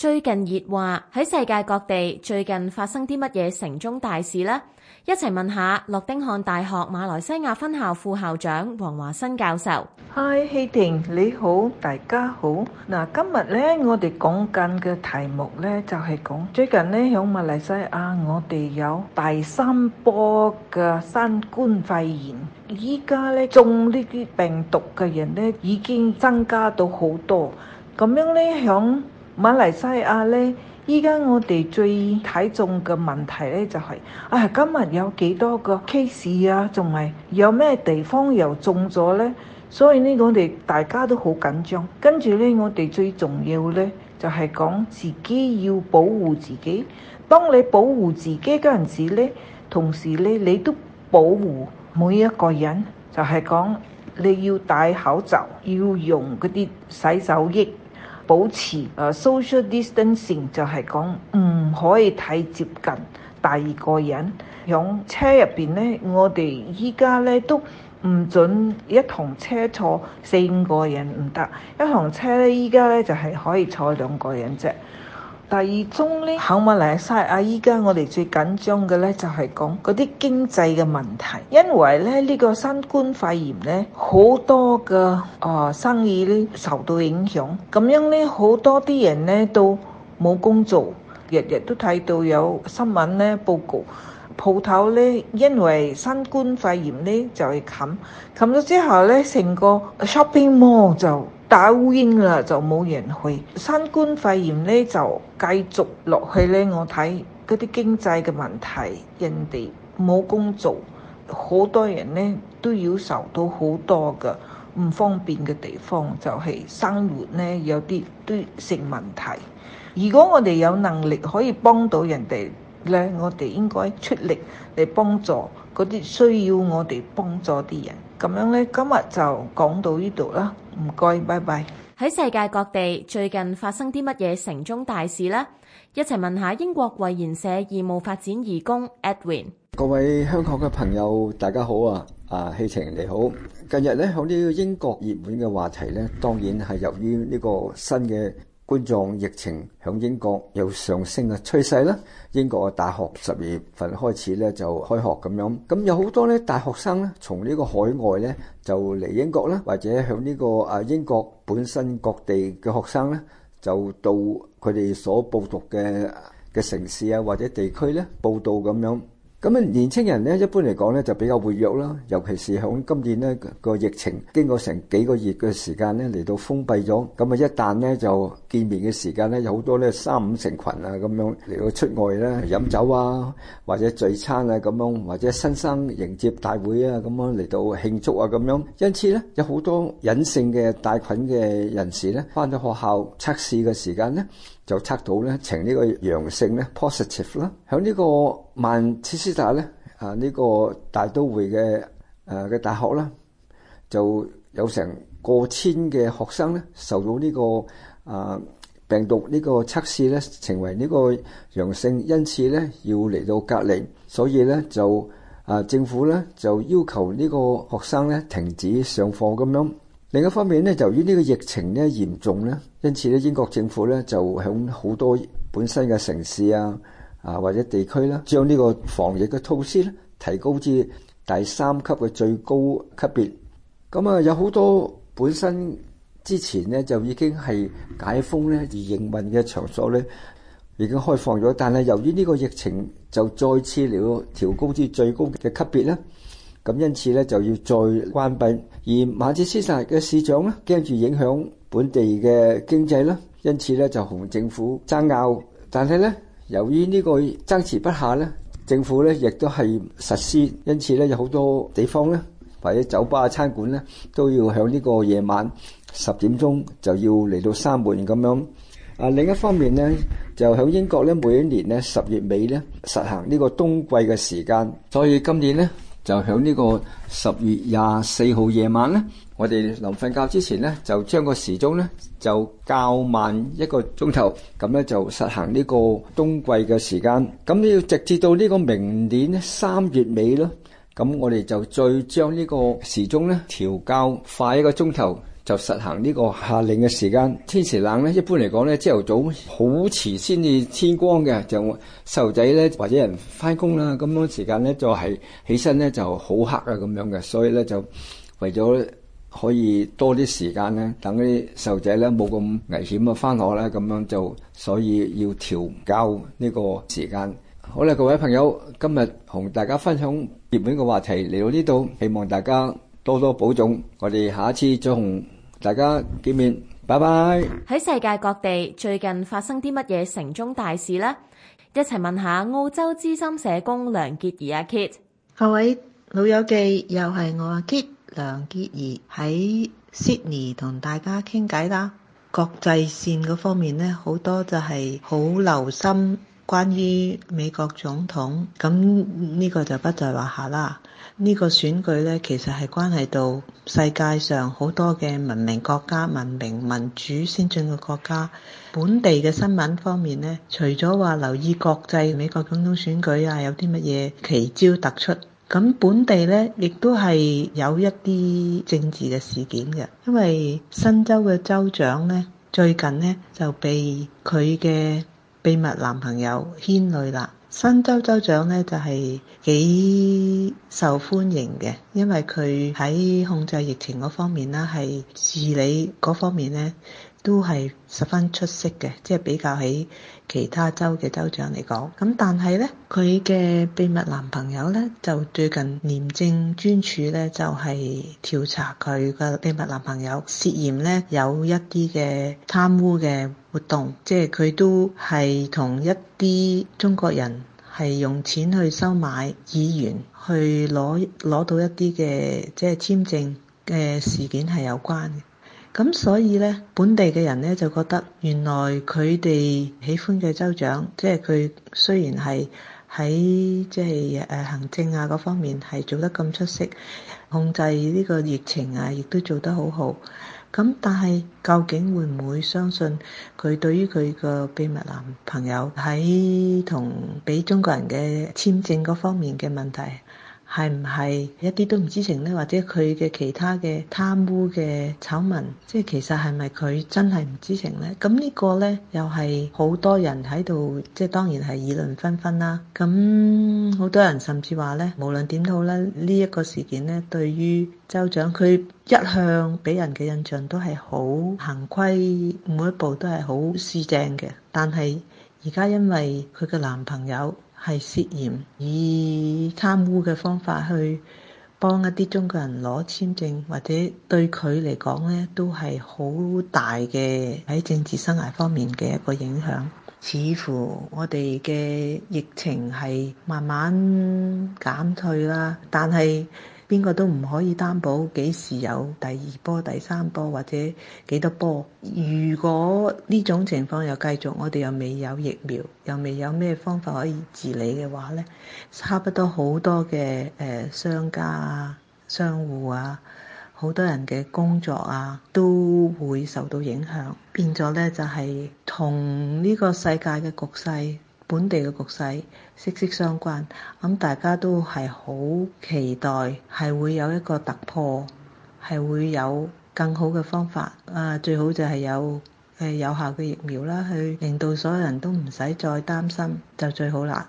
最近熱話喺世界各地，最近發生啲乜嘢城中大事呢？一齊問下諾丁漢大學馬來西亞分校副校長黃華新教授。嗨，希婷，你好，大家好。嗱，今日咧，我哋講緊嘅題目咧，就係講最近呢，響馬來西亞，我哋有第三波嘅新冠肺炎，依家咧中呢啲病毒嘅人咧，已經增加到好多，咁樣咧響。馬來西亞呢，而家我哋最睇重嘅問題呢，就係，就、哎、係，啊今日有幾多個 case 啊，仲係有咩地方又中咗呢？所以呢，我哋大家都好緊張。跟住呢，我哋最重要呢，就係、係、講自己要保護自己。當你保護自己嗰陣時呢，同時呢，你都保護每一個人，就係、係、講你要戴口罩，要用嗰啲洗手液。保持誒 social distancing 就係講唔可以太接近第二個人。響車入邊咧，我哋依家咧都唔準一堂車坐四五個人唔得，一堂車咧依家咧就係可以坐兩個人啫。第二宗呢，喺馬來西亞。依家我哋最緊張嘅呢，就係、是、講嗰啲經濟嘅問題，因為呢，呢、這個新冠肺炎呢，好多嘅啊、呃、生意呢受到影響，咁樣呢，好多啲人呢都冇工做，日日都睇到有新聞呢報告鋪頭呢，因為新冠肺炎呢就係冚冚咗之後呢，成個 shopping mall 就～打烏蠅啦，就冇人去。新冠肺炎咧就繼續落去咧，我睇嗰啲經濟嘅問題，人哋冇工做，好多人咧都要受到好多嘅唔方便嘅地方，就係生活咧有啲都成問題。如果我哋有能力可以幫到人哋咧，我哋應該出力嚟幫助嗰啲需要我哋幫助啲人。咁樣咧，今日就講到呢度啦。唔該，拜拜。喺世界各地最近發生啲乜嘢城中大事咧？一齊問下英國惠賢社義務發展義工 Edwin。各位香港嘅朋友，大家好啊！啊，希晴你好。近日咧，響呢個英國熱門嘅話題咧，當然係由於呢個新嘅。冠狀疫情響英國有上升嘅趨勢啦，英國嘅大學十二月份開始咧就開學咁樣，咁有好多咧大學生咧從呢個海外咧就嚟英國啦，或者響呢個啊英國本身各地嘅學生咧就到佢哋所報讀嘅嘅城市啊或者地區咧報到。咁樣。咁啊，年青人咧一般嚟講咧就比較活躍啦，尤其是響今年呢個疫情經過成幾個月嘅時間咧嚟到封閉咗，咁啊一旦咧就見面嘅時間咧有好多咧三五成群啊咁樣嚟到出外啦，飲酒啊或者聚餐啊咁樣或者新生迎接大會啊咁樣嚟到慶祝啊咁樣，因此咧有好多隱性嘅帶菌嘅人士咧返到學校測試嘅時間咧。就測到咧呈呢個陽性咧 positive 啦，喺呢個曼徹斯特咧啊呢個大都會嘅誒嘅大學啦，就有成過千嘅學生咧受到呢個啊病毒呢個測試咧成為呢個陽性，因此咧要嚟到隔離，所以咧就啊政府咧就要求呢個學生咧停止上課咁樣。另一方面咧，由於呢個疫情咧嚴重咧，因此咧英國政府咧就響好多本身嘅城市啊啊或者地區啦，將呢個防疫嘅措施咧提高至第三級嘅最高級別。咁啊，有好多本身之前呢，就已經係解封咧而營運嘅場所咧已經開放咗，但係由於呢個疫情就再次了調高至最高嘅級、級別咧。咁因此咧就要再關閉，而馬爾斯達嘅市長呢，驚住影響本地嘅經濟啦。因此咧就同政府爭拗。但係咧，由於呢個爭持不下咧，政府咧亦都係實施，因此咧有好多地方咧或者酒吧、餐館咧都要喺呢個夜晚十點鐘就要嚟到閂門咁樣。啊，另一方面咧就喺英國咧，每一年咧十月尾咧實行呢個冬季嘅時間，所以今年咧。就喺呢個十月廿四號夜晚咧，我哋臨瞓覺之前咧，就將個時鐘咧就較慢一個鐘頭，咁咧就實行呢個冬季嘅時間。咁你要直至到呢個明年三月尾咯，咁我哋就再將呢個時鐘咧調校較快一個鐘頭。就實行呢個夏令嘅時間。天時冷咧，一般嚟講咧，朝頭早好遲先至天光嘅。就細路仔咧，或者人返工啦，咁樣時間咧就係起身咧就好黑啊咁樣嘅，所以咧就為咗可以多啲時間咧，等啲細路仔咧冇咁危險啊返學咧咁樣就，所以要調校呢個時間。好啦，各位朋友，今日同大家分享熱門嘅話題嚟到呢度，希望大家多多保重。我哋下一次再同大家見面，拜拜！喺世界各地最近發生啲乜嘢城中大事呢？一齊問一下澳洲資深社工梁潔儀阿 Kit，各位老友記，又係我阿 Kit，梁潔儀喺 Sydney 同大家傾偈啦。國際線嗰方面咧，好多就係好留心。關於美國總統，咁呢個就不在話下啦。呢個選舉咧，其實係關係到世界上好多嘅文明國家、文明民主先進嘅國家。本地嘅新聞方面咧，除咗話留意國際美國總統選舉啊，有啲乜嘢奇招突出，咁本地咧亦都係有一啲政治嘅事件嘅，因為新州嘅州長咧最近咧就被佢嘅秘密男朋友牽累啦！新州州長咧就係、是、幾受歡迎嘅，因為佢喺控制疫情嗰方面啦，係治理嗰方面咧都係十分出色嘅，即係比較喺其他州嘅州長嚟講。咁但係咧，佢嘅秘密男朋友咧就最近廉政專署咧就係、是、調查佢嘅秘密男朋友涉嫌咧有一啲嘅貪污嘅。活動即係佢都係同一啲中國人係用錢去收買議員去，去攞攞到一啲嘅即係簽證嘅事件係有關嘅。咁所以呢，本地嘅人呢，就覺得原來佢哋喜歡嘅州長，即係佢雖然係喺即係誒行政啊嗰方面係做得咁出色，控制呢個疫情啊，亦都做得好好。咁但係究竟會唔會相信佢對於佢個秘密男朋友喺同畀中國人嘅簽證嗰方面嘅問題，係唔係一啲都唔知情呢？或者佢嘅其他嘅貪污嘅醜聞，即係其實係咪佢真係唔知情呢？咁呢個咧又係好多人喺度，即係當然係議論紛紛啦。咁好多人甚至話咧，無論點都好咧，呢、這、一個事件咧，對於州長佢一向俾人嘅印象都係好行規，每一步都係好四正嘅。但係而家因為佢嘅男朋友。係涉嫌以貪污嘅方法去幫一啲中國人攞簽證，或者對佢嚟講咧都係好大嘅，喺政治生涯方面嘅一個影響。似乎我哋嘅疫情係慢慢減退啦，但係。邊個都唔可以擔保幾時有第二波、第三波或者幾多波？如果呢種情況又繼續，我哋又未有疫苗，又未有咩方法可以治理嘅話咧，差不多好多嘅誒商家啊、商戶啊、好多人嘅工作啊，都會受到影響，變咗咧就係同呢個世界嘅局勢。本地嘅局勢息息相關，咁大家都係好期待，係會有一個突破，係會有更好嘅方法。啊，最好就係有誒有效嘅疫苗啦，去令到所有人都唔使再擔心，就最好啦。